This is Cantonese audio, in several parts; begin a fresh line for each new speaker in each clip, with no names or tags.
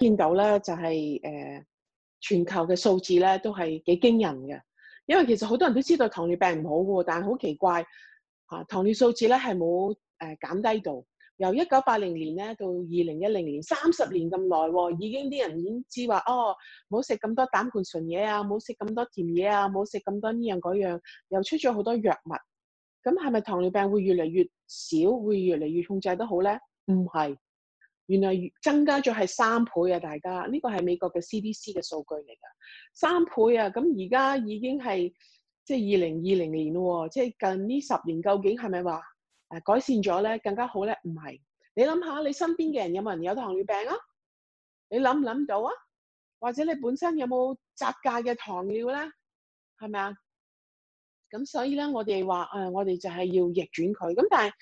見到咧就係、是、誒、呃、全球嘅數字咧都係幾驚人嘅，因為其實好多人都知道糖尿病唔好嘅，但係好奇怪嚇、啊、糖尿病數字咧係冇誒減低到，由一九八零年咧到二零一零年三十年咁耐喎，已經啲人已經知話哦，冇食咁多膽固醇嘢啊，冇食咁多甜嘢啊，冇食咁多呢樣嗰樣，又出咗好多藥物，咁係咪糖尿病會越嚟越少，會越嚟越控制得好咧？唔、嗯、係。原來增加咗係三倍啊！大家呢個係美國嘅 CDC 嘅數據嚟㗎，三倍啊！咁而家已經係即係二零二零年咯喎，即係近呢十年究竟係咪話誒改善咗咧？更加好咧？唔係，你諗下你身邊嘅人有冇人有糖尿病啊？你諗唔諗到啊？或者你本身有冇雜架嘅糖尿咧？係咪啊？咁所以咧，我哋話誒，我哋就係要逆轉佢咁，但係。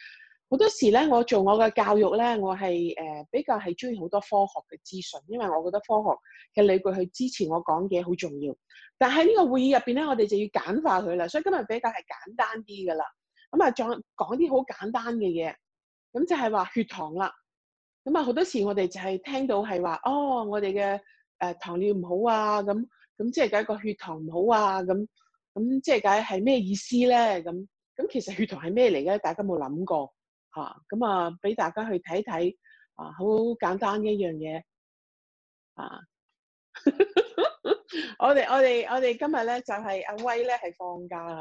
好多時咧，我做我嘅教育咧，我係誒、呃、比較係中意好多科學嘅資訊，因為我覺得科學嘅理據去支持我講嘢好重要。但係呢個會議入邊咧，我哋就要簡化佢啦，所以今日比較係簡單啲噶啦。咁、嗯、啊，再講啲好簡單嘅嘢，咁就係話血糖啦。咁、嗯、啊，好多時我哋就係聽到係話，哦，我哋嘅誒糖尿唔好啊，咁咁即係解個血糖唔好啊，咁咁即係解係咩意思咧？咁咁其實血糖係咩嚟嘅咧？大家冇諗過。吓，咁啊，俾大家去睇睇，啊，好簡單嘅一樣嘢，啊， 我哋我哋我哋今日咧就係、是、阿威咧係放假吓，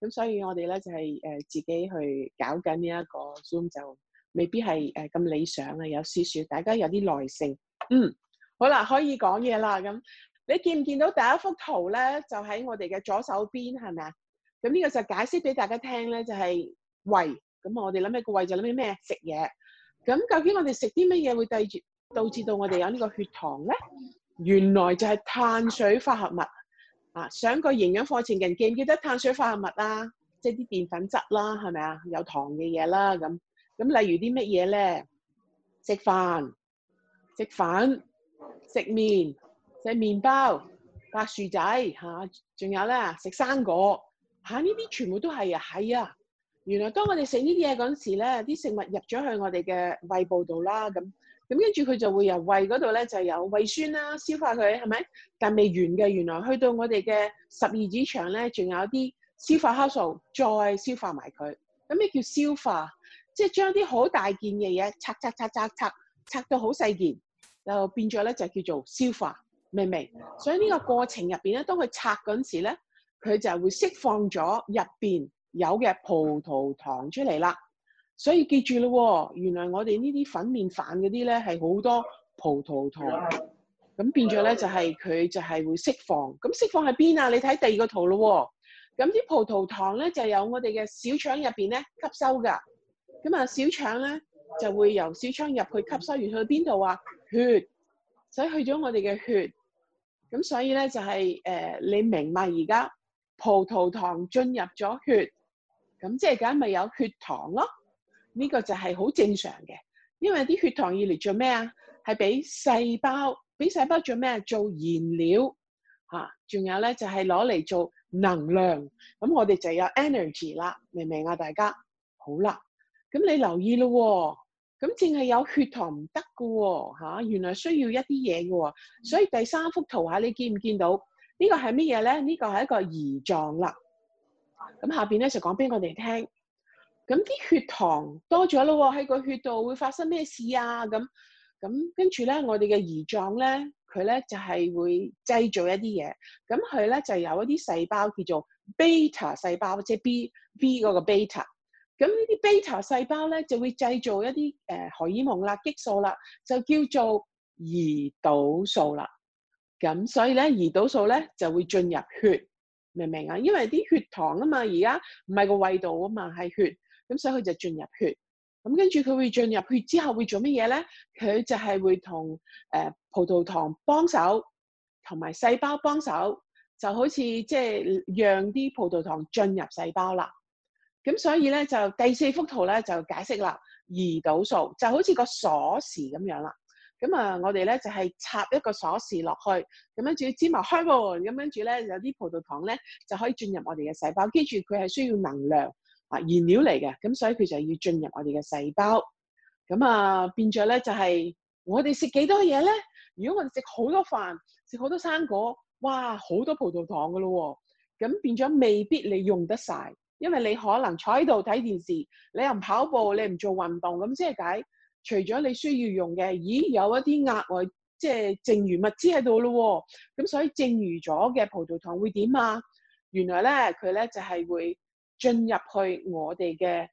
咁、啊、所以我哋咧就係、是、誒、呃、自己去搞緊呢一個 Zoom 就未必係誒咁理想啊，有少少，大家有啲耐性，嗯，好啦，可以講嘢啦，咁你見唔見到第一幅圖咧就喺我哋嘅左手邊係咪啊？咁呢個就解釋俾大家聽咧，就係、是、喂。咁我哋諗咩個位就諗起咩食嘢，咁究竟我哋食啲乜嘢會帶住導致到我哋有呢個血糖咧？原來就係碳水化合物啊！上個營養課程人記唔記得碳水化合物啊？即係啲澱粉質啦，係咪啊？有糖嘅嘢啦，咁咁例如啲乜嘢咧？食飯、食粉、食麵、食麵包、白薯仔吓，仲、啊、有咧食生果吓，呢、啊、啲全部都係啊，係啊。原來當我哋食呢啲嘢嗰陣時咧，啲食物入咗去我哋嘅胃部度啦，咁咁跟住佢就會由胃嗰度咧就有胃酸啦，消化佢係咪？但未完嘅，原來去到我哋嘅十二指腸咧，仲有啲消化酵素再消化埋佢。咁咩叫消化？即係將啲好大件嘅嘢拆拆拆拆拆，拆，拆到好細件，又變咗咧就叫做消化，明唔明？啊，所以呢個過程入邊咧，當佢拆嗰陣時咧，佢就係會釋放咗入邊，有嘅葡萄糖出嚟啦，所以記住咯，原來我哋呢啲粉麵飯嗰啲咧係好多葡萄糖，咁變咗咧就係佢就係會釋放，咁釋放喺邊啊？你睇第二個圖咯，咁啲葡萄糖咧就有我哋嘅小腸入邊咧吸收噶，咁啊小腸咧就會由小腸入去吸收，然後去邊度啊？血，所以去咗我哋嘅血，咁所以咧就係、是、誒、呃、你明嘛？而家葡萄糖進入咗血。咁即係梗，咪有血糖咯？呢個就係好正常嘅，因為啲血糖而嚟做咩啊？係俾細胞，俾細胞做咩？做燃料吓，仲有咧就係攞嚟做能量。咁我哋就有 energy 啦，明唔明啊？大家好啦，咁你留意咯，咁淨係有血糖唔得噶，吓，原來需要一啲嘢噶，所以第三幅圖下，你見唔見到？呢個係乜嘢咧？呢個係一個胰臟啦。咁下邊咧就講俾我哋聽，咁啲血糖多咗咯喎，喺個血度會發生咩事啊？咁咁跟住咧，我哋嘅胰臟咧，佢咧就係、是、會製造一啲嘢，咁佢咧就有一啲細胞叫做 beta 細胞，即係 B B 嗰個 beta, beta。咁呢啲 beta 細胞咧就會製造一啲誒、呃、荷爾蒙啦、激素啦，就叫做胰島素啦。咁所以咧，胰島素咧就會進入血。明唔明啊？因為啲血糖啊嘛，而家唔係個胃度啊嘛，係血，咁所以佢就進入血，咁跟住佢會進入血之後會做乜嘢咧？佢就係會同誒葡萄糖幫手同埋細胞幫手，就好似即係讓啲葡萄糖進入細胞啦。咁所以咧就第四幅圖咧就解釋啦，胰島素就好似個鎖匙咁樣啦。咁啊，我哋咧就係插一個鎖匙落去，咁跟住芝麻開個門，咁跟住咧有啲葡萄糖咧就可以進入我哋嘅細胞。跟住佢係需要能量啊燃料嚟嘅，咁所以佢就要進入我哋嘅細胞。咁啊變咗咧就係我哋食幾多嘢咧？如果我哋食好多飯、食好多生果，哇好多葡萄糖噶咯喎！咁變咗未必你用得晒，因為你可能坐喺度睇電視，你又唔跑步，你唔做運動，咁即係解。除咗你需要用嘅，咦有一啲額外即係剩餘物資喺度咯喎，咁所以剩餘咗嘅葡萄糖會點啊？原來咧佢咧就係、是、會進入去我哋嘅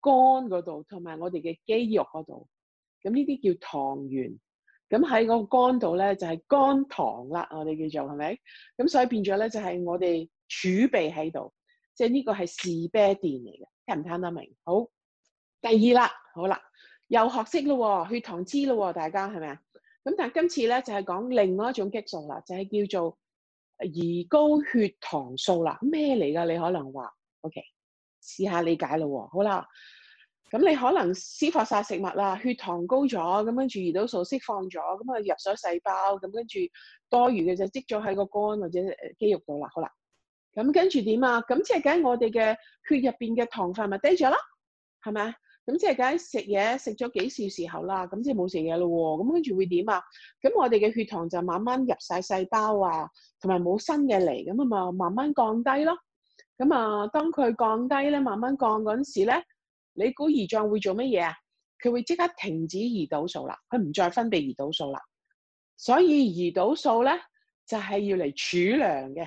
肝嗰度，同埋我哋嘅肌肉嗰度。咁呢啲叫糖原。咁喺個肝度咧就係、是、肝糖啦，我哋叫做係咪？咁所以變咗咧就係我哋儲備喺度，即係呢個係士啤電嚟嘅，聽唔聽得明？好，第二啦，好啦。又學識咯喎，血糖知咯喎，大家係咪啊？咁但係今次咧就係講另外一種激素啦，就係叫做胰高血糖素啦。咩嚟㗎？你可能話，OK，試下理解咯喎。好啦，咁你可能消化晒食物啦，血糖高咗，咁跟住胰島素釋放咗，咁啊入咗細胞，咁跟住多餘嘅就積咗喺個肝或者肌肉度啦。好啦，咁跟住點啊？咁即係梗我哋嘅血入邊嘅糖分咪低咗咯，係咪啊？咁即係梗係食嘢，食咗幾時時候啦？咁即係冇食嘢咯喎，咁跟住會點啊？咁我哋嘅血糖就慢慢入晒細胞啊，同埋冇新嘢嚟，咁啊嘛慢慢降低咯。咁啊，當佢降低咧，慢慢降嗰陣時咧，你估胰臟會做乜嘢啊？佢會即刻停止胰島素啦，佢唔再分泌胰島素啦。所以胰島素咧就係、是、要嚟儲糧嘅，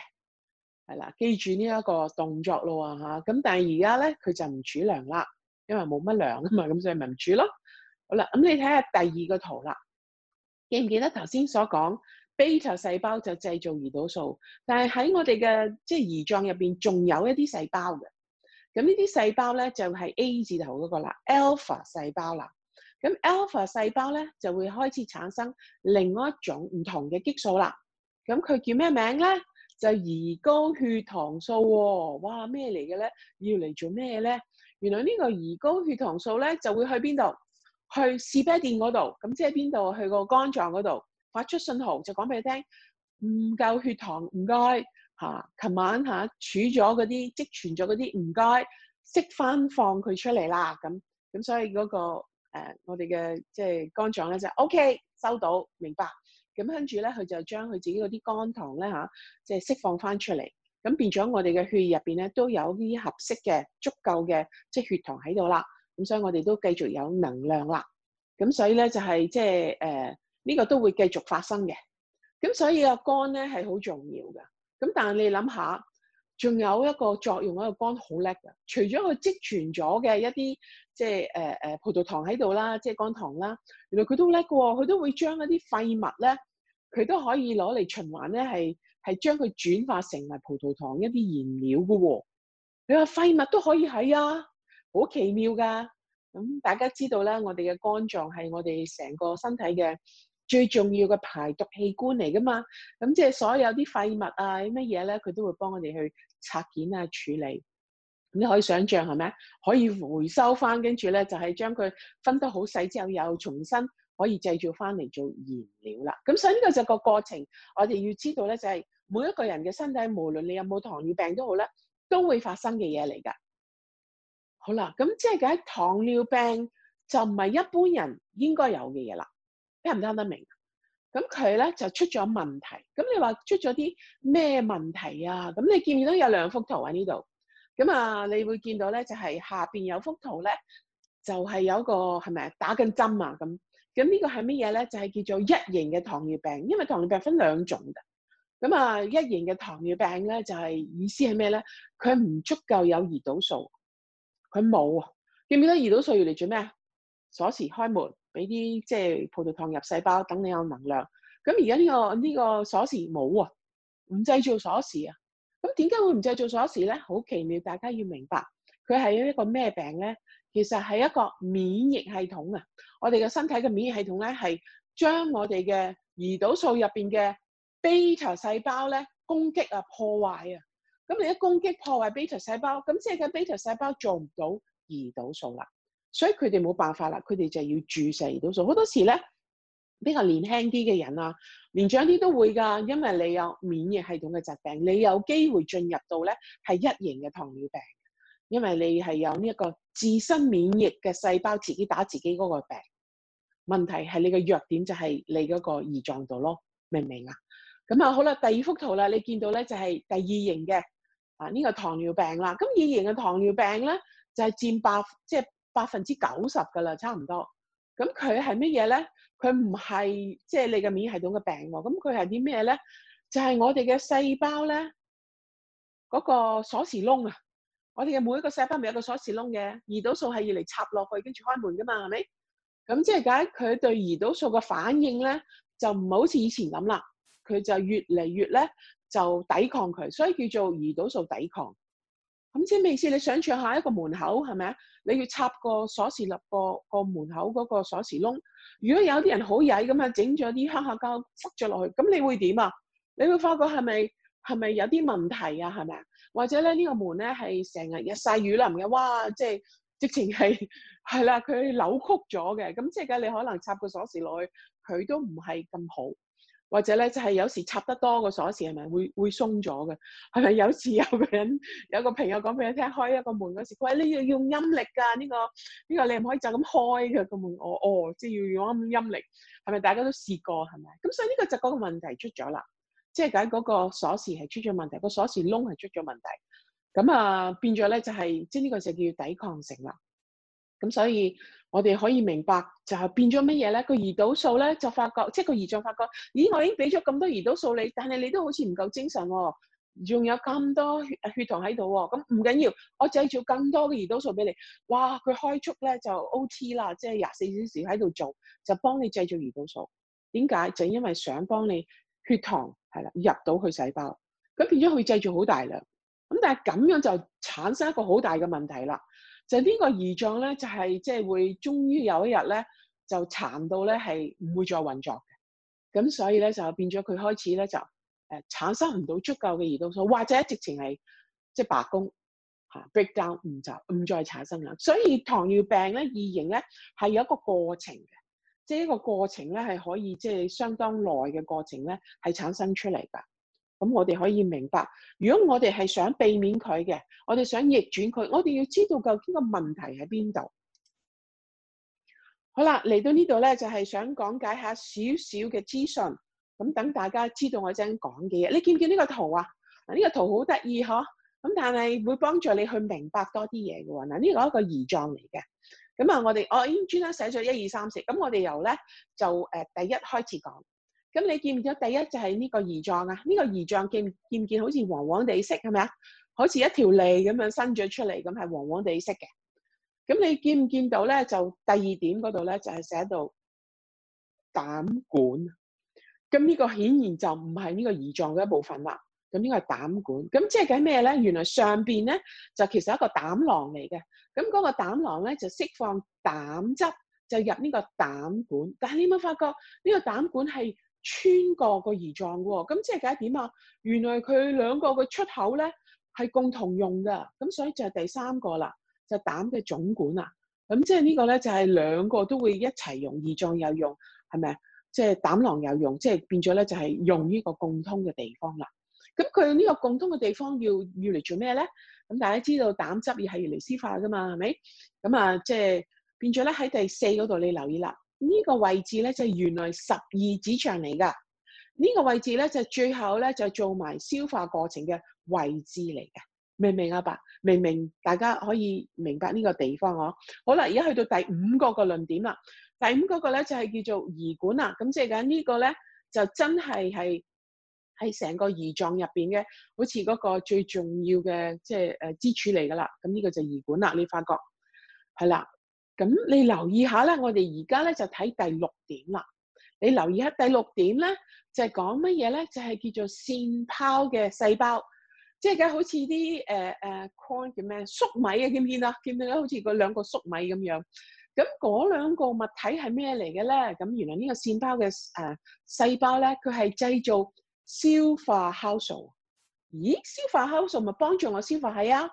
係啦，記住呢一個動作咯吓，咁但係而家咧佢就唔儲糧啦。因為冇乜糧啊嘛，咁所以民主咯。好啦，咁你睇下第二個圖啦。記唔記得頭先所講 beta 細胞就製造胰島素，但係喺我哋嘅即係胰臟入邊仲有一啲細胞嘅。咁呢啲細胞咧就係、是、A 字頭嗰個啦，alpha 細胞啦。咁 alpha 細胞咧就會開始產生另外一種唔同嘅激素啦。咁佢叫咩名咧？就胰高血糖素喎、哦。哇，咩嚟嘅咧？要嚟做咩咧？原來呢個胰高血糖素咧就會去邊度？去士啤店嗰度，咁即係邊度？去個肝臟嗰度發出信號，就講俾你聽，唔夠血糖，唔該嚇。琴、啊、晚嚇儲咗嗰啲積存咗嗰啲，唔、啊、該，釋翻放佢出嚟啦。咁咁所以嗰、那個、呃、我哋嘅即係肝臟咧就是、O、OK, K 收到明白。咁跟住咧佢就將佢自己嗰啲肝糖咧嚇即係釋放翻出嚟。咁變咗我哋嘅血液入邊咧，都有啲合適嘅足夠嘅即係血糖喺度啦。咁所以我哋都繼續有能量啦。咁所以咧就係即係誒呢個都會繼續發生嘅。咁所以個肝咧係好重要嘅。咁但係你諗下，仲有一個作用一個肝好叻嘅。除咗佢積存咗嘅一啲即係誒誒葡萄糖喺度啦，即係肝糖啦，原來佢都好叻嘅喎。佢都會將一啲廢物咧，佢都可以攞嚟循環咧係。係將佢轉化成為葡萄糖一啲燃料嘅喎，哦，你話廢物都可以係啊，好奇妙㗎！咁大家知道咧，我哋嘅肝臟係我哋成個身體嘅最重要嘅排毒器官嚟㗎嘛。咁即係所有啲廢物啊，啲乜嘢咧，佢都會幫我哋去拆件啊處理。咁你可以想象係咪？可以回收翻，跟住咧就係將佢分得好細之後，又重新可以製造翻嚟做燃料啦。咁所以呢個就個過程，我哋要知道咧就係、是。每一個人嘅身體，無論你有冇糖尿病都好咧，都會發生嘅嘢嚟噶。好啦，咁即係梗糖尿病就唔係一般人應該有嘅嘢啦。聽唔聽得明？咁佢咧就出咗問題。咁你話出咗啲咩問題啊？咁你見唔見到有兩幅圖喺呢度？咁啊，你會見到咧就係、是、下邊有幅圖咧，就係、是、有一個係咪打緊針啊？咁咁呢個係乜嘢咧？就係、是、叫做一型嘅糖尿病。因為糖尿病分兩種嘅。咁啊，一型嘅糖尿病咧、就是，就係意思係咩咧？佢唔足夠有胰島素，佢冇啊。記唔記得胰島素要嚟做咩啊？鎖匙開門，俾啲即係葡萄糖入細胞，等你有能量。咁而家呢個呢個鎖匙冇啊，唔製造鎖匙啊。咁點解會唔製造鎖匙咧？好奇妙，大家要明白，佢係一個咩病咧？其實係一個免疫系統啊。我哋嘅身體嘅免疫系統咧，係將我哋嘅胰島素入邊嘅。beta 細胞咧，攻擊啊，破壞啊，咁你一攻擊破壞 beta 細胞，咁即係個 beta 細胞做唔到胰島素啦，所以佢哋冇辦法啦，佢哋就要注射胰島素。好多時咧，比較年輕啲嘅人啊，年長啲都會㗎，因為你有免疫系統嘅疾病，你有機會進入到咧係一型嘅糖尿病，因為你係有呢一個自身免疫嘅細胞自己打自己嗰個病，問題係你個弱點就係你嗰個胰臟度咯，明唔明啊？咁啊，好啦，第二幅圖啦，你見到咧就係第二型嘅啊呢個糖尿病啦。咁二型嘅糖尿病咧，就係佔百即係百分之九十噶啦，差唔多。咁佢係乜嘢咧？佢唔係即係你嘅免疫系統嘅病喎。咁佢係啲咩咧？就係我哋嘅細胞咧，嗰個鎖匙窿啊！我哋嘅每一個細胞咪有個鎖匙窿嘅？胰島素係要嚟插落去跟住開門噶嘛，係咪？咁即係解佢對胰島素嘅反應咧，就唔係好似以前咁啦。佢就越嚟越咧就抵抗佢，所以叫做胰島素抵抗。咁即係意思，你想像下一個門口係咪啊？你要插個鎖匙立個個門口嗰個鎖匙窿。如果有啲人好曳咁樣，整咗啲黑黑膠塞咗落去，咁你會點啊？你會發覺係咪係咪有啲問題啊？係咪啊？或者咧呢，呢個門咧係成日日曬雨淋嘅，哇！即係直情係係啦，佢扭曲咗嘅。咁即係嘅，你可能插個鎖匙落去，佢都唔係咁好。或者咧就係、是、有時插得多個鎖匙係咪會會鬆咗嘅？係咪有時有個人有個朋友講俾你聽開一個門嗰時候，佢話你要用陰力噶呢、這個呢、這個你唔可以就咁開嘅、那個門。哦哦即係、就是、要用陰力，係咪大家都試過係咪？咁所以呢個就嗰個問題出咗啦，即係解嗰個鎖匙係出咗問題，那個鎖匙窿係出咗問題。咁啊、呃、變咗咧就係即係呢個就叫抵抗性啦。咁所以我哋可以明白就係變咗乜嘢咧？個胰島素咧就發覺，即係個胰臟發覺，咦，我已經俾咗咁多胰島素你，但係你都好似唔夠精神喎，仲有咁多血血糖喺度喎。咁唔緊要，我製造更多嘅胰島素俾你。哇，佢開速咧就 OT 啦，即係廿四小時喺度做，就幫你製造胰島素。點解？就因為想幫你血糖係啦入到去細胞，咁變咗佢製造好大量。咁但係咁樣就產生一個好大嘅問題啦。就，這個狀就，是就是呢個胰臟咧，就係即係會終於有一日咧，就殘到咧係唔會再運作嘅。咁所以咧就變咗佢開始咧就誒、呃、產生唔到足夠嘅胰島素，或者直情係即係罷工吓、啊、break down 唔就唔再產生啦。所以糖尿病咧二型咧係有一個過程嘅，即、就、係、是、一個過程咧係可以即係、就是、相當耐嘅過程咧係產生出嚟㗎。咁我哋可以明白，如果我哋係想避免佢嘅，我哋想逆轉佢，我哋要知道究竟個問題喺邊度？好啦，嚟到這裏呢度咧，就係、是、想講解一下少少嘅資訊，咁等大家知道我陣間講嘅嘢。你見唔見呢個圖啊？啊，呢個圖好得意嗬。咁但係會幫助你去明白多啲嘢嘅喎。嗱，呢個是一個胰臟，嚟嘅。咁啊，我哋我已經專登寫咗一二三四。咁我哋由咧就誒第一開始講。咁你見唔見到？第一就係呢個胰臟啊，呢個胰臟見唔見唔見好似黃黃地色係咪啊？好似一條脷咁樣伸咗出嚟，咁係黃黃地色嘅。咁你見唔見到咧？就第二點嗰度咧，就係寫到膽管。咁呢個顯然就唔係呢個胰臟嘅一部分啦。咁呢個係膽管。咁即係講咩咧？原來上邊咧就其實係一個膽囊嚟嘅。咁嗰個膽囊咧就釋放膽汁，就入呢個膽管。但係你有冇發覺呢個膽管係？穿過個胰臟喎，咁即係點啊？原來佢兩個嘅出口咧係共同用嘅，咁所以就係第三個啦，就是、膽嘅總管啊。咁即係呢個咧就係、是、兩個都會一齊用，胰臟有用，係咪？即、就、係、是、膽囊有用，即、就、係、是、變咗咧就係用呢個共通嘅地方啦。咁佢呢個共通嘅地方要要嚟做咩咧？咁大家知道膽汁亦係嚟消化噶嘛，係咪？咁啊、就是，即係變咗咧喺第四嗰度你留意啦。呢個位置咧就係原來十二指腸嚟噶，呢個位置咧就係最後咧就係做埋消化過程嘅位置嚟嘅，明唔明啊？爸，明唔明？大家可以明白呢個地方哦。好啦，而家去到第五個個論點啦，第五個個咧就係叫做胰管啦。咁即係講呢個咧就真係係係成個胰臟入邊嘅，好似嗰個最重要嘅即係誒支柱嚟噶啦。咁呢個就係胰管啦，你發覺係啦。咁你留意一下咧，我哋而家咧就睇第六點啦。你留意一下第六點咧，就係講乜嘢咧？就係、是、叫做腺泡嘅細胞，即係嘅好似啲誒誒 corn 叫咩？粟、呃呃、米啊，見唔見啊？見唔見咧？好似嗰兩個粟米咁樣。咁嗰兩個物體係咩嚟嘅咧？咁原來這個泡的、呃、呢個腺泡嘅誒細胞咧，佢係製造消化酵素。咦，消化酵素咪幫助我消化係啊？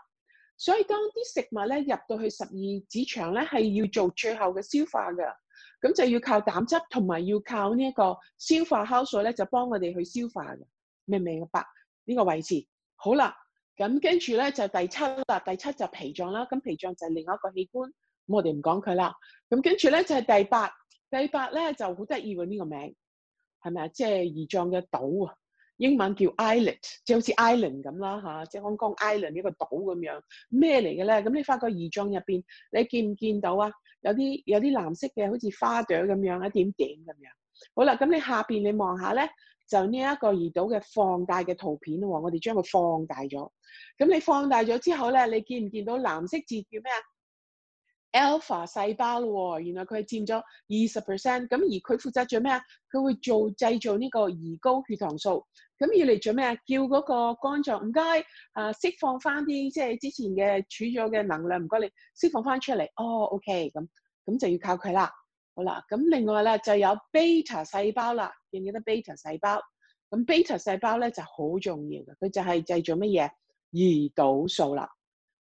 所以當啲食物咧入到去十二指腸咧，係要做最後嘅消化嘅，咁就要靠膽汁同埋要靠呢一個消化酵素咧，就幫我哋去消化嘅。明唔明白呢個位置？好啦，咁跟住咧就第七啦，第七就脾臟啦，咁脾臟就係另外一個器官，咁我哋唔講佢啦。咁跟住咧就係第八，第八咧就好得意喎呢個名，係咪啊？即係胰臟嘅島啊。英文叫 islet，就好似 island 咁啦嚇，即係香港 island 呢個島咁樣，咩嚟嘅咧？咁你翻個胰臟入邊，你見唔見到啊？有啲有啲藍色嘅，好似花朵咁樣一點點咁樣。好啦，咁你下邊你望下咧，就呢一個胰島嘅放大嘅圖片喎，我哋將佢放大咗。咁你放大咗之後咧，你見唔見到藍色字叫咩啊？alpha 細胞咯喎，原來佢係佔咗二十 percent，咁而佢負責做咩啊？佢會做製造呢個胰高血糖素，咁要嚟做咩啊？叫嗰個肝臟唔該啊，釋放翻啲即係之前嘅儲咗嘅能量，唔該你釋放翻出嚟。哦，OK，咁咁就要靠佢啦。好啦，咁另外咧就有 beta 細胞啦，記唔記得 beta 細胞？咁 beta 細胞咧就好重要嘅，佢就係製造乜嘢胰島素啦。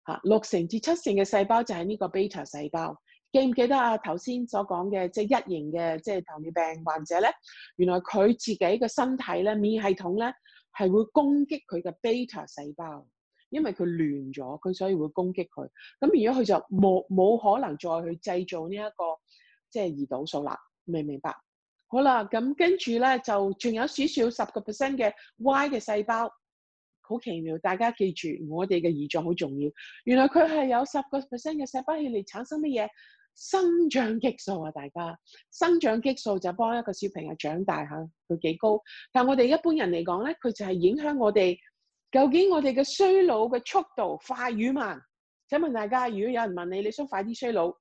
嚇，六成至七成嘅細胞就係呢個 beta 細胞。記唔記得啊？頭先所講嘅即係一型嘅即係糖尿病患者咧，原來佢自己嘅身體咧，免疫系統咧係會攻擊佢嘅 beta 細胞，因為佢亂咗，佢所以會攻擊佢。咁如果佢就冇冇可能再去製造呢、這、一個即係、就是、胰島素啦，明唔明白？好啦，咁跟住咧就仲有少少十個 percent 嘅 Y 嘅細胞。好奇妙，大家記住，我哋嘅胰臟好重要。原來佢係有十個 percent 嘅細胞嚟產生乜嘢生長激素啊！大家，生長激素就幫一個小朋友長大嚇，佢幾高。但我哋一般人嚟講咧，佢就係影響我哋究竟我哋嘅衰老嘅速度快與慢。請問大家，如果有人問你，你想快啲衰老，遲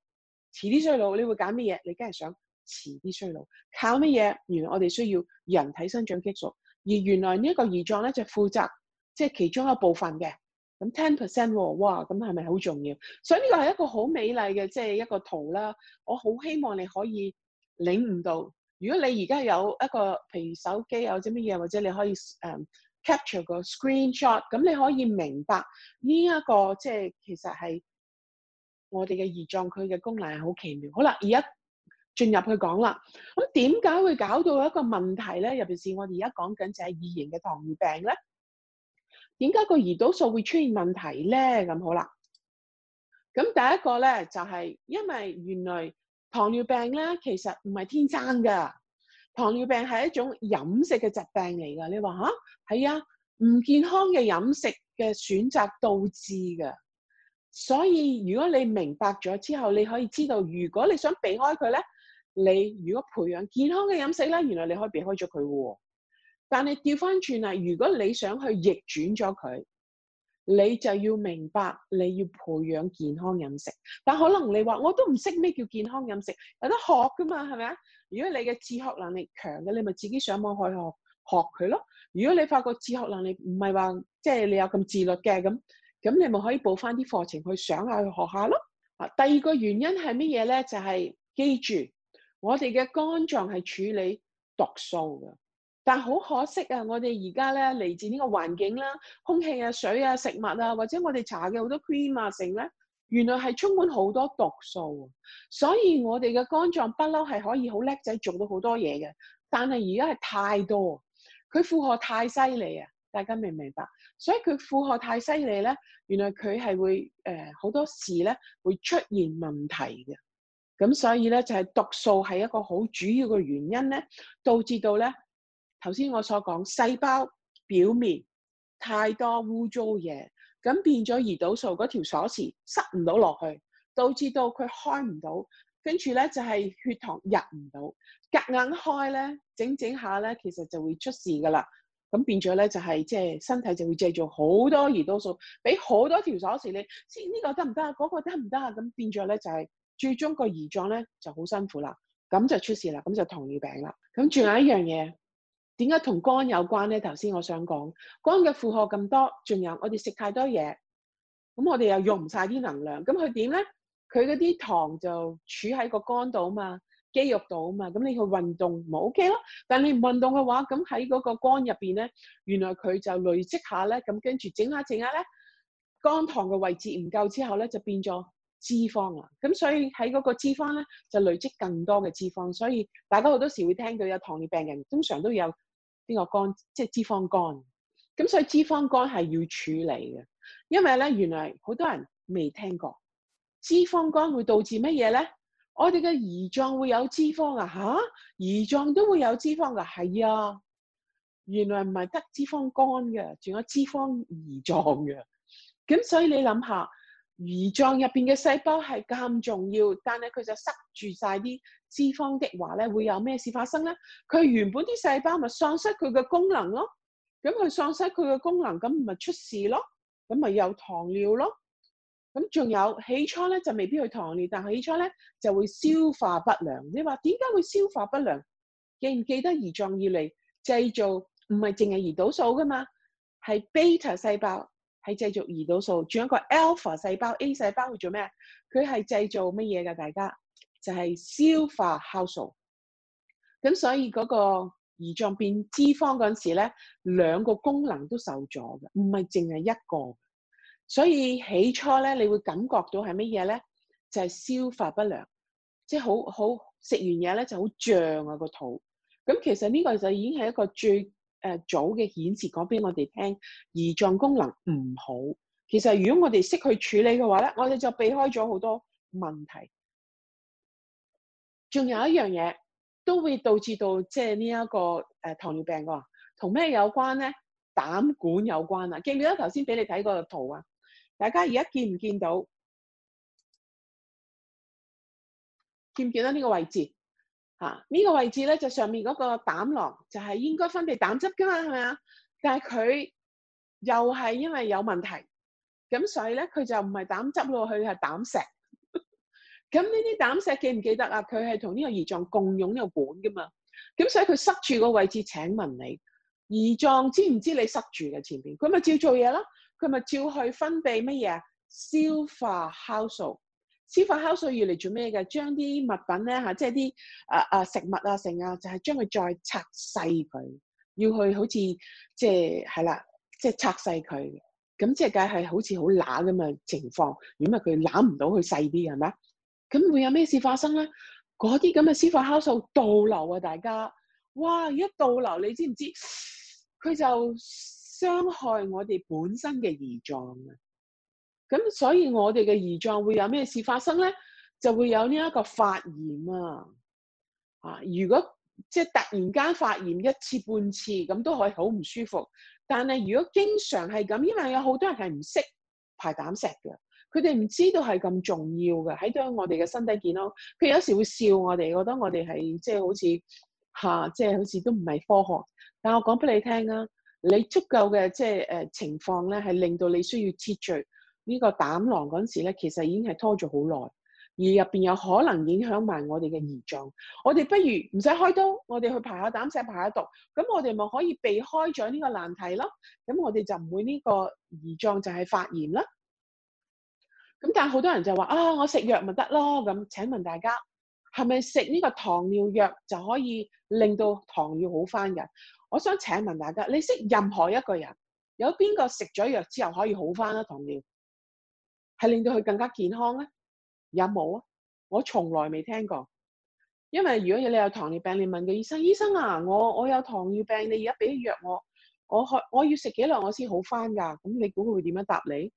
啲衰老你什麼，你會揀乜嘢？你梗係想遲啲衰老。靠乜嘢？原來我哋需要人體生長激素，而原來呢一個胰臟咧就負責。即係其中一部分嘅，咁 ten percent 哇，咁係咪好重要？所以呢個係一個好美麗嘅即係一個圖啦。我好希望你可以領悟到，如果你而家有一個譬如手機或者乜嘢，或者你可以誒、um, capture 個 screen shot，咁你可以明白呢、這、一個即係、就是、其實係我哋嘅胰臟佢嘅功能係好奇妙。好啦，而家進入去講啦，咁點解會搞到一個問題咧？尤其是我哋而家講緊就係二型嘅糖尿病咧。點解個胰島素會出現問題咧？咁好啦，咁第一個咧就係因為原來糖尿病咧其實唔係天生噶，糖尿病係一種飲食嘅疾病嚟噶。你話吓係啊，唔健康嘅飲食嘅選擇導致噶。所以如果你明白咗之後，你可以知道如果你想避開佢咧，你如果培養健康嘅飲食咧，原來你可以避開咗佢。但係調翻轉嚟，如果你想去逆轉咗佢，你就要明白你要培養健康飲食。但可能你話我都唔識咩叫健康飲食，有得學噶嘛，係咪啊？如果你嘅自學能力強嘅，你咪自己上網去學學佢咯。如果你發覺自學能力唔係話即係你有咁自律嘅咁，咁你咪可以報翻啲課程去上下去學下咯。啊，第二個原因係乜嘢咧？就係、是、記住我哋嘅肝臟係處理毒素㗎。但好可惜啊！我哋而家咧嚟自呢個環境啦、空氣啊、水啊、食物啊，或者我哋搽嘅好多 cream 啊，成咧，原來係充滿好多毒素。所以我哋嘅肝臟不嬲係可以好叻仔做到好多嘢嘅，但係而家係太多，佢負荷太犀利啊！大家明唔明白？所以佢負荷太犀利咧，原來佢係會呃、好多事咧會出現問題嘅。咁所以咧就係毒素係一個好主要嘅原因咧，導致到咧。頭先我所講，細胞表面太多污糟嘢，咁變咗胰島素嗰條鎖匙塞唔到落去，導致到佢開唔到，跟住咧就係、是、血糖入唔到，夾硬開咧整整下咧，其實就會出事噶啦。咁變咗咧就係、是、即係身體就會製造好多胰島素，俾好多條鎖匙你，先，呢個得唔得啊？嗰個得唔得啊？咁變咗咧就係最終個胰臟咧就好辛苦啦，咁就出事啦，咁就糖尿病啦。咁仲有一樣嘢。點解同肝有關咧？頭先我想講肝嘅負荷咁多，仲有我哋食太多嘢，咁我哋又用唔晒啲能量，咁佢點咧？佢嗰啲糖就儲喺個肝度啊嘛，肌肉度啊嘛，咁你去運動咪 OK 咯？但你唔運動嘅話，咁喺嗰個肝入邊咧，原來佢就累積下咧，咁跟住整下整下咧，肝糖嘅位置唔夠之後咧，就變咗脂肪啊！咁所以喺嗰個脂肪咧，就累積更多嘅脂肪。所以大家好多時會聽到有糖尿病人，通常都有。呢個肝即係脂肪肝，咁所以脂肪肝係要處理嘅。因為咧，原來好多人未聽過脂肪肝會導致乜嘢咧？我哋嘅胰臟會有脂肪啊？嚇、啊，胰臟都會有脂肪噶，啊，係啊！原來唔係得脂肪肝嘅，仲有脂肪胰臟嘅。咁所以你諗下，胰臟入邊嘅細胞係咁重要，但係佢就塞住晒啲。脂肪的話咧，會有咩事發生咧？佢原本啲細胞咪喪失佢嘅功能咯，咁佢喪失佢嘅功能，咁咪出事咯，咁咪有糖尿咯。咁仲有起初咧，就未必去糖尿，但係起初咧就會消化不良。你話點解會消化不良？記唔記得胰臟要嚟製造唔係淨係胰島素噶嘛？係 beta 細胞係製造胰島素，仲有一個 alpha 細胞 A 細胞去做咩？佢係製造乜嘢㗎？大家？就係、是、消化酵素，咁所以嗰個胰臟變脂肪嗰陣時咧，兩個功能都受阻嘅，唔係淨係一個。所以起初咧，你會感覺到係乜嘢咧？就係、是、消化不良，即係好好食完嘢咧就好脹啊、那個肚。咁其實呢個就已經係一個最誒早嘅顯示，講俾我哋聽，胰臟功能唔好。其實如果我哋識去處理嘅話咧，我哋就避開咗好多問題。仲有一樣嘢都會導致到即係呢一個誒糖尿病㗎，同咩有關咧？膽管有關啊！記唔記得頭先俾你睇個圖啊？大家而家見唔見到？見唔見到呢個位置？嚇，呢個位置咧就上面嗰個膽囊，就係應該分泌膽汁㗎嘛，係咪啊？但係佢又係因為有問題，咁所以咧佢就唔係膽汁咯，佢係膽石。咁呢啲膽石記唔記得啊？佢係同呢個胰臟共用呢個管噶嘛，咁所以佢塞住個位置。請問你胰臟知唔知你塞住嘅前面？佢咪照做嘢咯？佢咪照去分泌乜嘢？消化酵素，消化酵素要嚟做咩嘅？將啲物品咧吓，即係啲啊啊，啊食物啊剩啊，就係、是、將佢再拆細佢，要去好似即係啦，即係拆細佢。咁即係係好似好攬咁嘅情況，咁啊佢攬唔到佢細啲係咪？咁會有咩事發生咧？嗰啲咁嘅司法酵素倒流啊！大家，哇！一倒流，你知唔知？佢就傷害我哋本身嘅胰臟啊！咁所以我哋嘅胰臟會有咩事發生咧？就會有呢一個發炎啊！啊！如果即係、就是、突然間發炎一次半次，咁都可以好唔舒服。但係如果經常係咁，因為有好多人係唔識排膽石嘅。佢哋唔知道係咁重要嘅，喺對我哋嘅身體健康。佢有時會笑我哋，覺得我哋係即係好似嚇，即、啊、係、就是、好似都唔係科學。但我講俾你聽啦，你足夠嘅即係誒情況咧，係令到你需要切除呢、這個膽囊嗰陣時咧，其實已經係拖咗好耐，而入邊有可能影響埋我哋嘅胰臟。我哋不如唔使開刀，我哋去排下膽石、排下毒，咁我哋咪可以避開咗呢個難題咯。咁我哋就唔會呢個胰臟就係發炎啦。咁但係好多人就話，啊我食藥咪得咯。咁請問大家係咪食呢個糖尿藥就可以令到糖尿好翻㗎？我想請問大家，你識任何一個人有邊個食咗藥之後可以好翻啊糖尿？係令到佢更加健康咧？有冇啊？我從來未聽過。因為如果你有糖尿病，你問個醫生，醫生啊，我我有糖尿病，你而家俾啲藥我，我去我要食幾耐我先好翻噶？咁你估佢會點樣答你？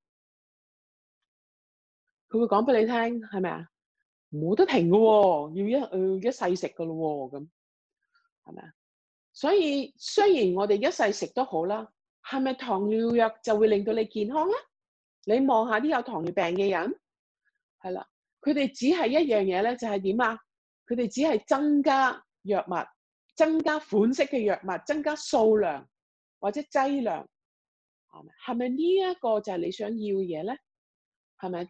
佢會講俾你聽，係咪啊？冇得停嘅喎，要一誒、呃、一世食嘅咯喎，咁係咪啊？所以雖然我哋一世食都好啦，係咪糖尿藥就會令到你健康咧？你望下啲有糖尿病嘅人，係啦，佢哋只係一樣嘢咧，就係點啊？佢哋只係增加藥物、增加款式嘅藥物、增加數量或者劑量，係咪？係咪呢一個就係你想要嘅嘢咧？係咪？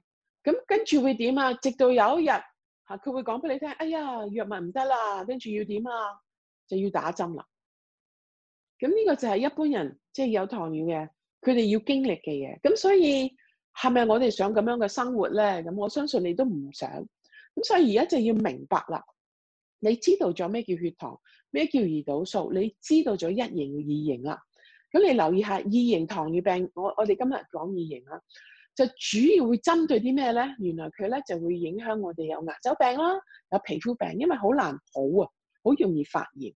咁跟住會點啊？直到有一日，吓，佢會講俾你聽，哎呀，藥物唔得啦，跟住要點啊？就要打針啦。咁呢個就係一般人即係、就是、有糖尿嘅，佢哋要經歷嘅嘢。咁所以係咪我哋想咁樣嘅生活咧？咁我相信你都唔想。咁所以而家就要明白啦。你知道咗咩叫血糖，咩叫胰島素？你知道咗一型、二型了一、二型啦。咁你留意下二型糖尿病，我我哋今日講二型啦。就主要會針對啲咩咧？原來佢咧就會影響我哋有牙周病啦，有皮膚病，因為好難好啊，好容易發炎。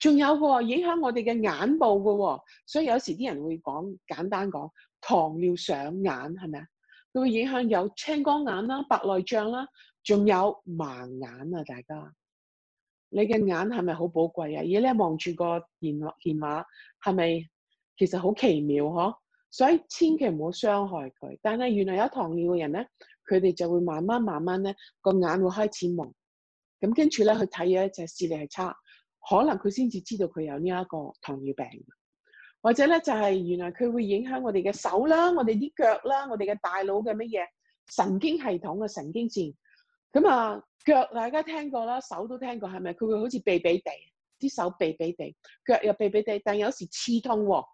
仲有影響我哋嘅眼部噶，所以有時啲人會講，簡單講，糖尿上眼係咪啊？佢會影響有青光眼啦、白內障啦，仲有盲眼啊！大家，你嘅眼係咪好寶貴啊？而家咧望住個電電話，係咪其實好奇妙呵？所以千祈唔好傷害佢，但係原來有糖尿嘅人咧，佢哋就會慢慢慢慢咧個眼會開始矇，咁跟住咧佢睇嘢就視力係差，可能佢先至知道佢有呢一個糖尿病，或者咧就係、是、原來佢會影響我哋嘅手啦，我哋啲腳啦，我哋嘅大腦嘅乜嘢神經系統嘅神經線，咁啊腳大家聽過啦，手都聽過係咪？佢會好似痹痹地，啲手痹痹地，腳又痹痹地，但有時刺痛喎、啊。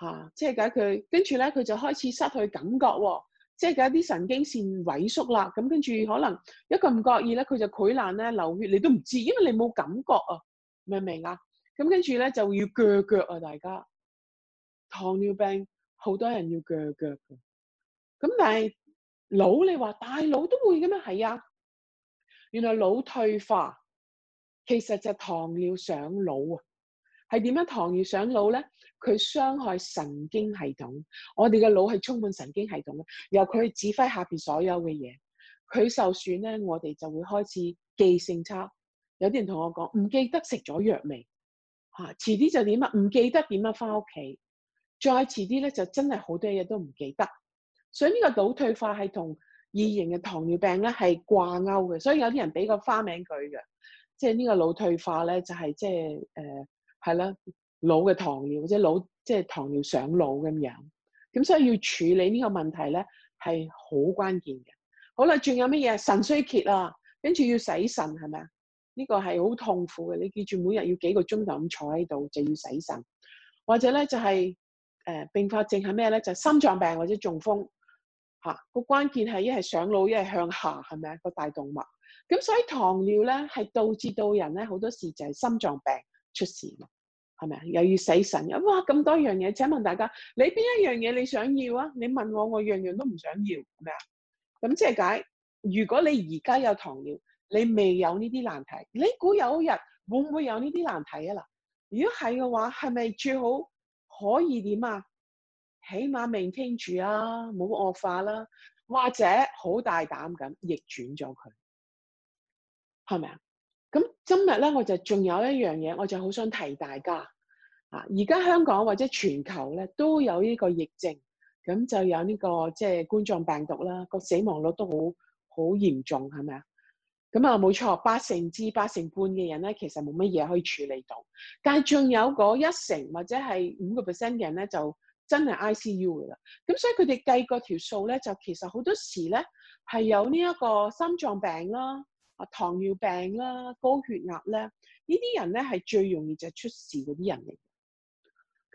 嚇、啊！即係解佢，跟住咧佢就開始失去感覺喎，即係解啲神經線萎縮啦。咁跟住可能一個唔覺意咧，佢就潰爛咧流血，你都唔知，因為你冇感覺啊。明唔明啊？咁跟住咧就要鋸腳啊！大家糖尿病好多人要鋸腳嘅，咁但係腦你話大腦都會噉樣？係啊，原來腦退化其實就係糖尿上腦啊！係點樣糖尿上腦咧？佢傷害神經系統，我哋嘅腦係充滿神經系統嘅，由佢去指揮下邊所有嘅嘢。佢受損咧，我哋就會開始記性差。有啲人同我講唔記得食咗藥未？嚇、啊，遲啲就點啊？唔記得點樣？返屋企，再遲啲咧就真係好多嘢都唔記得。所以呢個腦退化係同異型嘅糖尿病咧係掛鈎嘅，所以有啲人俾個花名句嘅，即係呢個腦退化咧就係即係誒。呃係啦，腦嘅糖尿或者腦即係糖尿上腦咁樣，咁所以要處理呢個問題咧，係好關鍵嘅。好啦，仲有乜嘢？腎衰竭啊，跟住要洗腎係咪啊？呢、這個係好痛苦嘅。你記住每日要幾個鐘頭咁坐喺度就要洗腎，或者咧就係誒併發症係咩咧？就係心臟病或者中風吓。個、啊、關鍵係一係上腦一係向下係咪啊？個大動脈咁，所以糖尿咧係導致到人咧好多時就係心臟病。出事係咪啊？又要死神，啊！哇，咁多樣嘢，請問大家，你邊一樣嘢你想要啊？你問我，我樣樣都唔想要，係啊？咁即係解，如果你而家有糖尿，你未有呢啲難題，你估有一日會唔會有呢啲難題啊？嗱，如果係嘅話，係咪最好可以點啊？起碼命 a 住啊，冇好惡化啦，或者好大膽咁逆轉咗佢，係咪啊？咁今日咧，我就仲有一樣嘢，我就好想提大家吓，而家香港或者全球咧都有呢個疫症，咁就有呢個即係冠狀病毒啦，個死亡率都好好嚴重，係咪啊？咁啊冇錯，八成至八成半嘅人咧，其實冇乜嘢可以處理到，但係仲有嗰一成或者係五個 percent 嘅人咧，就真係 ICU 噶啦。咁所以佢哋計過條數咧，就其實好多時咧係有呢一個心臟病啦。啊，糖尿病啦，高血壓咧，呢啲人咧係最容易就出事嗰啲人嚟。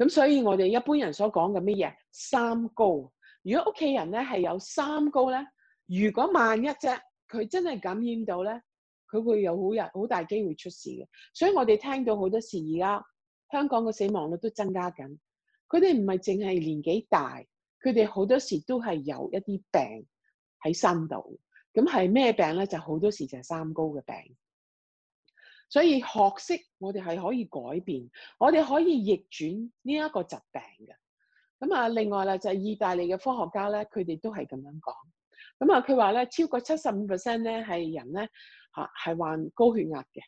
咁所以我哋一般人所講嘅乜嘢？三高。如果屋企人咧係有三高咧，如果萬一啫，佢真係感染到咧，佢會有好日好大機會出事嘅。所以我哋聽到好多時候，而家香港嘅死亡率都增加緊。佢哋唔係淨係年紀大，佢哋好多時候都係有一啲病喺身度。咁係咩病咧？就好多時就係三高嘅病，所以學識我哋係可以改變，我哋可以逆轉呢一個疾病嘅。咁啊，另外啦，就係意大利嘅科學家咧，佢哋都係咁樣講。咁啊，佢話咧，超過七十五 percent 咧係人咧吓係患高血壓嘅。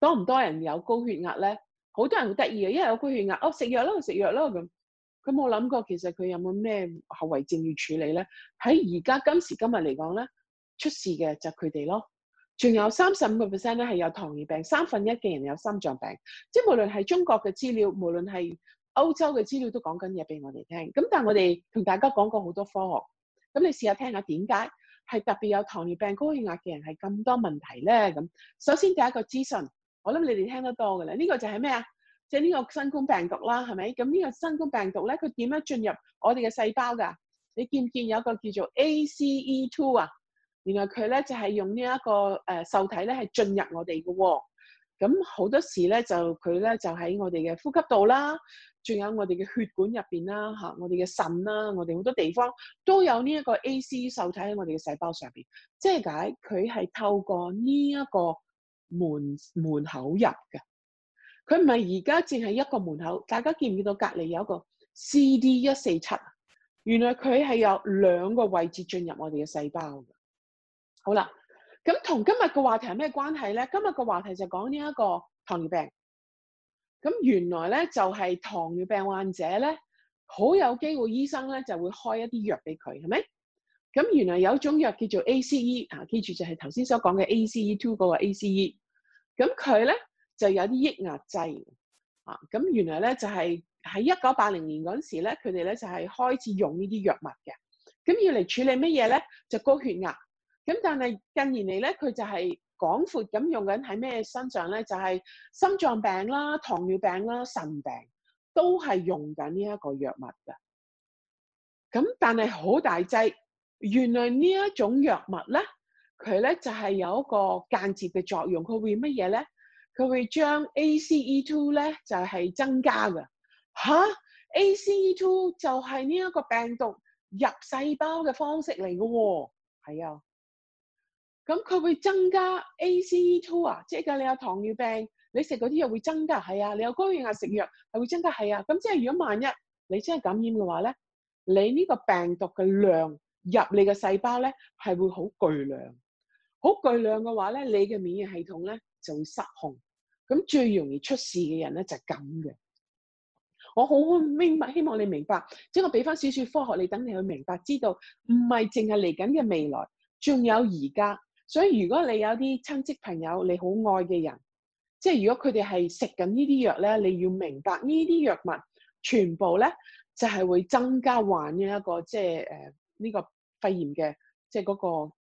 多唔多人有高血壓咧？好多人好得意嘅，因為有高血壓哦，食藥咯，食藥咯咁。咁我諗過，其實佢有冇咩後遺症要處理咧？喺而家今時今日嚟講咧。出事嘅就佢哋咯，仲有三十五個 percent 咧係有糖尿病，三分一嘅人有心臟病，即係無論係中國嘅資料，無論係歐洲嘅資料都講緊嘢俾我哋聽。咁但係我哋同大家講過好多科學，咁你試下聽下點解係特別有糖尿病、高血壓嘅人係咁多問題咧？咁首先第一個資訊，我諗你哋聽得多㗎喇。呢個就係咩啊？即係呢個新冠病毒啦，係咪？咁呢個新冠病毒咧，佢點樣進入我哋嘅細胞㗎？你見唔見有一個叫做 ACE2 啊？原來佢咧就係用呢一個誒受體咧係進入我哋嘅，咁好多時咧就佢咧就喺我哋嘅呼吸道啦，仲有我哋嘅血管入邊啦，吓我哋嘅腎啦，我哋好多地方都有呢一個 AC 受體喺我哋嘅細胞上邊，即係解佢係透過呢一個門門口入嘅，佢唔係而家淨係一個門口，大家見唔見到隔籬有一個 CD 一四七啊？原來佢係有兩個位置進入我哋嘅細胞。好啦，咁同今日個話題係咩關係咧？今日個話題就講呢一個糖尿病。咁原來咧就係、是、糖尿病患者咧，好有機會醫生咧就會開一啲藥俾佢，係咪？咁原來有一種藥叫做 ACE 啊，記住就係頭先所講嘅 ACE two 嗰個 ACE。咁佢咧就有啲抑壓劑啊。咁原來咧就係喺一九八零年嗰時咧，佢哋咧就係、是、開始用呢啲藥物嘅。咁要嚟處理乜嘢咧？就高血壓。咁但係近年嚟咧，佢就係廣闊咁用緊喺咩身上咧？就係心臟病啦、糖尿病啦、腎病都係用緊呢一個藥物嘅。咁但係好大劑，原來呢一種藥物咧，佢咧就係有一個間接嘅作用。佢會乜嘢咧？佢會將 ACE2 咧就係增加嘅。吓，ACE2 就係呢一個病毒入細胞嘅方式嚟嘅喎。係啊。咁佢會增加 ACE2 啊，即係你有糖尿病，你食嗰啲藥會增加，係啊，你有高血壓食藥係會增加，係啊。咁即係如果萬一你真係感染嘅話咧，你呢個病毒嘅量入你嘅細胞咧係會好巨量，好巨量嘅話咧，你嘅免疫系統咧就會失控。咁最容易出事嘅人咧就係咁嘅。我好明白，希望你明白，即係我俾翻少少科學你，你等你去明白知道，唔係淨係嚟緊嘅未來，仲有而家。所以如果你有啲親戚朋友你好愛嘅人，即係如果佢哋係食緊呢啲藥咧，你要明白呢啲藥物全部咧就係、是、會增加患呢一個即係誒呢個肺炎嘅即係嗰個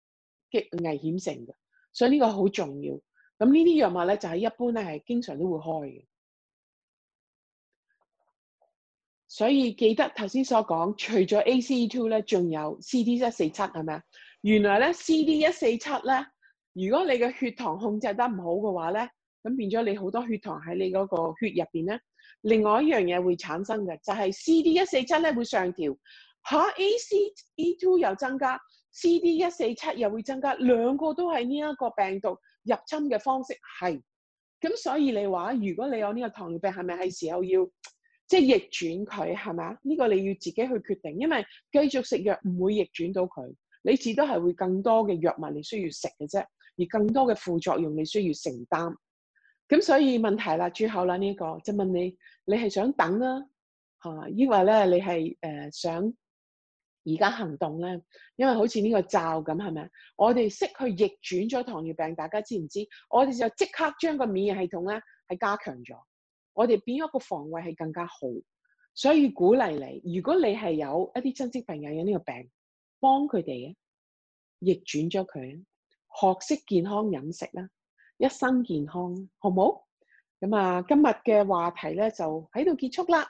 危險性嘅。所以呢個好重要。咁呢啲藥物咧就係、是、一般咧係經常都會開嘅。所以記得頭先所講，除咗 A C E two 咧，仲有 C D 一四七係咪啊？原來咧，CD 一四七咧，如果你嘅血糖控制得唔好嘅話咧，咁變咗你好多血糖喺你嗰個血入邊咧。另外一樣嘢會產生嘅就係 CD 一四七咧會上調，吓 AC E two 又增加，CD 一四七又會增加，兩個都係呢一個病毒入侵嘅方式係。咁所以你話如果你有呢個糖尿病，係咪係時候要即係、就是、逆轉佢係嘛？呢、這個你要自己去決定，因為繼續食藥唔會逆轉到佢。你至多係會更多嘅藥物你需要食嘅啫，而更多嘅副作用你需要承擔。咁所以問題啦，最後啦呢、這個就問你，你係想等啦、啊，嚇、啊？因為咧你係誒、呃、想而家行動咧，因為好似呢個罩咁係咪？我哋識去逆轉咗糖尿病，大家知唔知？我哋就即刻將個免疫系統咧係加強咗，我哋變咗個防衞係更加好。所以鼓勵你，如果你係有一啲親戚朋友有呢個病。幫佢哋逆轉咗佢，學識健康飲食啦，一生健康，好唔好？咁啊，今日嘅話題咧就喺度結束啦。